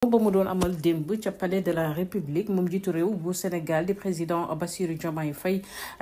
ba mu doon amal démb ca palais de la république moom jiitu réew bu Sénégal di président Bassirou Diomaye Faye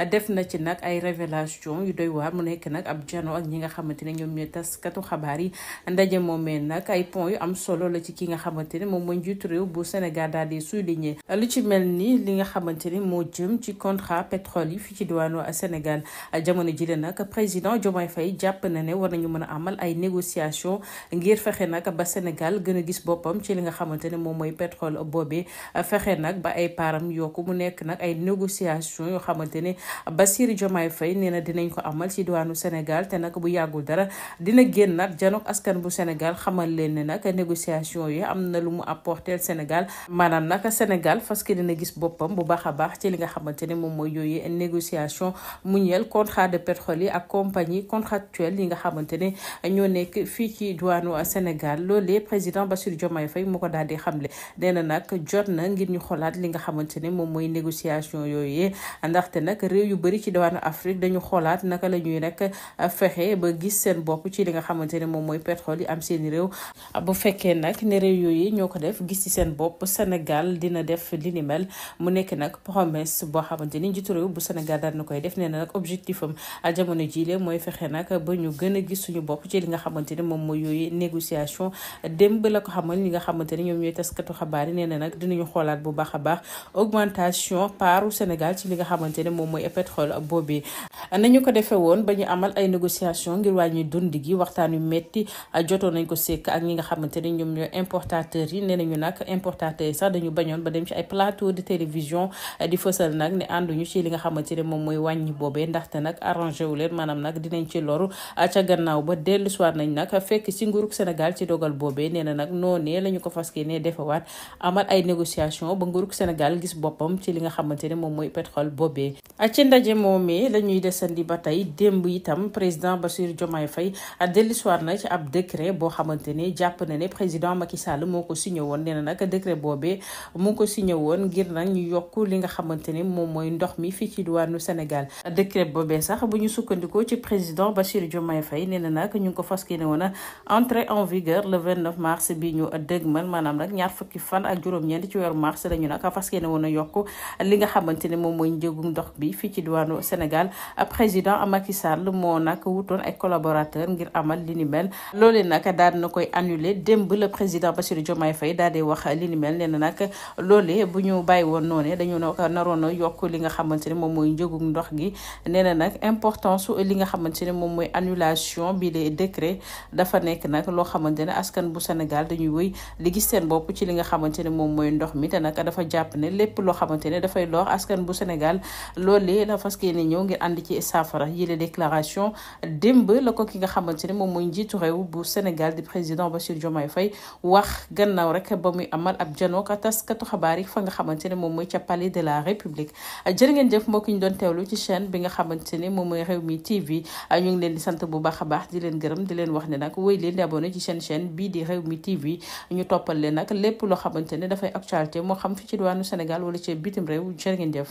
def na ci nag ay révélation yu doy waar mu nekk nag ab jano ak ñi nga xamante ne ñoom ñooy taskatu xabaar yi ndaje moomee nag ay point yu am solo la ci ki nga xamante ne moom mooy njiitu réew bu Sénégal daal di souligné lu ci mel ni li nga xamante ne moo jëm ci contrat pétrole yi fii ci diwaanu Sénégal jamono jile nag président Diomaye Faye jàpp na ne war nañu mën a amal ay négociation ngir fexe nag ba Sénégal gën a gis boppam ci li nga xam xamante ne moom mooy pétrole boobee fexe nag ba ay paaram yokku mu nekk nag ay négociation yoo xamante ne Bassirou Diomaye Faye nee na dinañ ko amal ci diwaanu Sénégal te nag bu yàggul dara dina génn nag janook askan bu Sénégal xamal leen ne nag négociation yi am na lu mu apporter Sénégal maanaam nag Sénégal parce que dina gis boppam bu baax a baax ci li nga xamante ne moom mooy yooyu négociation mu ñeel contrat de pétrole yi ak compagnie contractuelle yi nga xamante ne ñoo nekk fii ci diwaanu Sénégal loolee président Bassirou Diomaye Faye moo ko daal di xamle nee na nag jot na ngir ñu xoolaat li nga xamante ne moom mooy négociation yooyee ndaxte nag yu bëri ci diwaanu Afrique dañu xoolaat naka la ñuy ba gis seen bopp ci li nga xamante ne moom mooy pétrole yi am seeni réew bu fekkee nag ne réew ñoo ko def gis ci seen bopp Sénégal dina def li ni mel mu nekk nag promesse boo xamante ni njiitu réew bu Sénégal daal na koy def nee na nag objectif am jamono jile mooy a gis suñu bopp ci li nga xamante ne moom mooy yooyu négociation démb la ko xamal ñoom ñooy taskatu xabaar yi nee na ne moom mooy ko woon ba ñu amal ay négociation ngir wàññi dund gi waxtaan yu métti jotoon nañ ko sekk ñi nga xamante ne ñoom ñooy importateurs yi nee nañu nag importateurs yi sax dañu bañoon ba dem ci ay plateau de télévision di fësal nag ne ànduñu ci li nga xamante ne moom mooy wàññi boobee ndaxte nag arrangé wu leen maanaam nag dinañ ci nañ fekk ci nguurug Sénégal ci dogal boobee nee na nag noonee lañu ko fas yéene defawaat amal ay négociation ba nguurug Sénégal gis boppam ci li nga xamante ne moom mooy pétrole boobee. ci ndaje moomee la ñuy desandi ba tey démb itam président Bassirou Diomaye na ci ab décret boo xamante ne jàpp na ne président Macky Sall moo ko signé woon nee na nag décret boobee mu ko signé woon ngir nag ñu yokk li nga xamante ne moom mooy ndox mi fii ci diwaanu Sénégal décret boobee sax bu ñu sukkandikoo ci président Bassirou Diomaye Faye nee na woon entrée en vigueur le mars bi ñu dëgmal maanaam maanaam nag ñaar fukki fan ak juróom-ñeent ci weeru mars la ñu nag fas woon li nga xamante ne moom mooy njëgum ndox bi fii ci diwaanu Sénégal président Macky Sall moo nag wutoon ay collaborateur ngir amal li ni mel loolee nag daal na koy annulé démb le président Bassirou Diomaye Faye daal di wax li ni mel nee na nag loolee bu ñu bàyyi woon noonu dañu naroon a yokk li nga xamante ne moom mooy njëgum ndox gi nee nag importance su li nga xamante ne moom mooy annulation bi les décret dafa nekk nag loo xamante ne askan bu Sénégal dañuy wéy li seen bopp ci li nga xamante ne moom mooy ndox mi te nag dafa jàpp ne lépp loo xamante ne dafay lor askan bu Sénégal loolee la fas yéene ñëw ngir ànd ci saafara yile déclaration démb la ko nga xamante ne moom mooy njiitu réew bu Sénégal di président Bassirou Diomaye Faye wax gannaaw rek ba muy amal ab janoo ka taskatu xabaar yi fa nga xamante ne moom mooy ca palais de la République jërë ngeen jëf mbokk ñu doon teewlu ci chaîne bi nga xamante ne moom mooy réew mi TV ñu di sant bu baax a baax di leen gërëm di leen wax ne nag ñu toppal toppal leen nag lépp loo xamante ne dafay actualité moo xam fi ci diwaanu Sénégal wala ci bitim réew jërë ngeen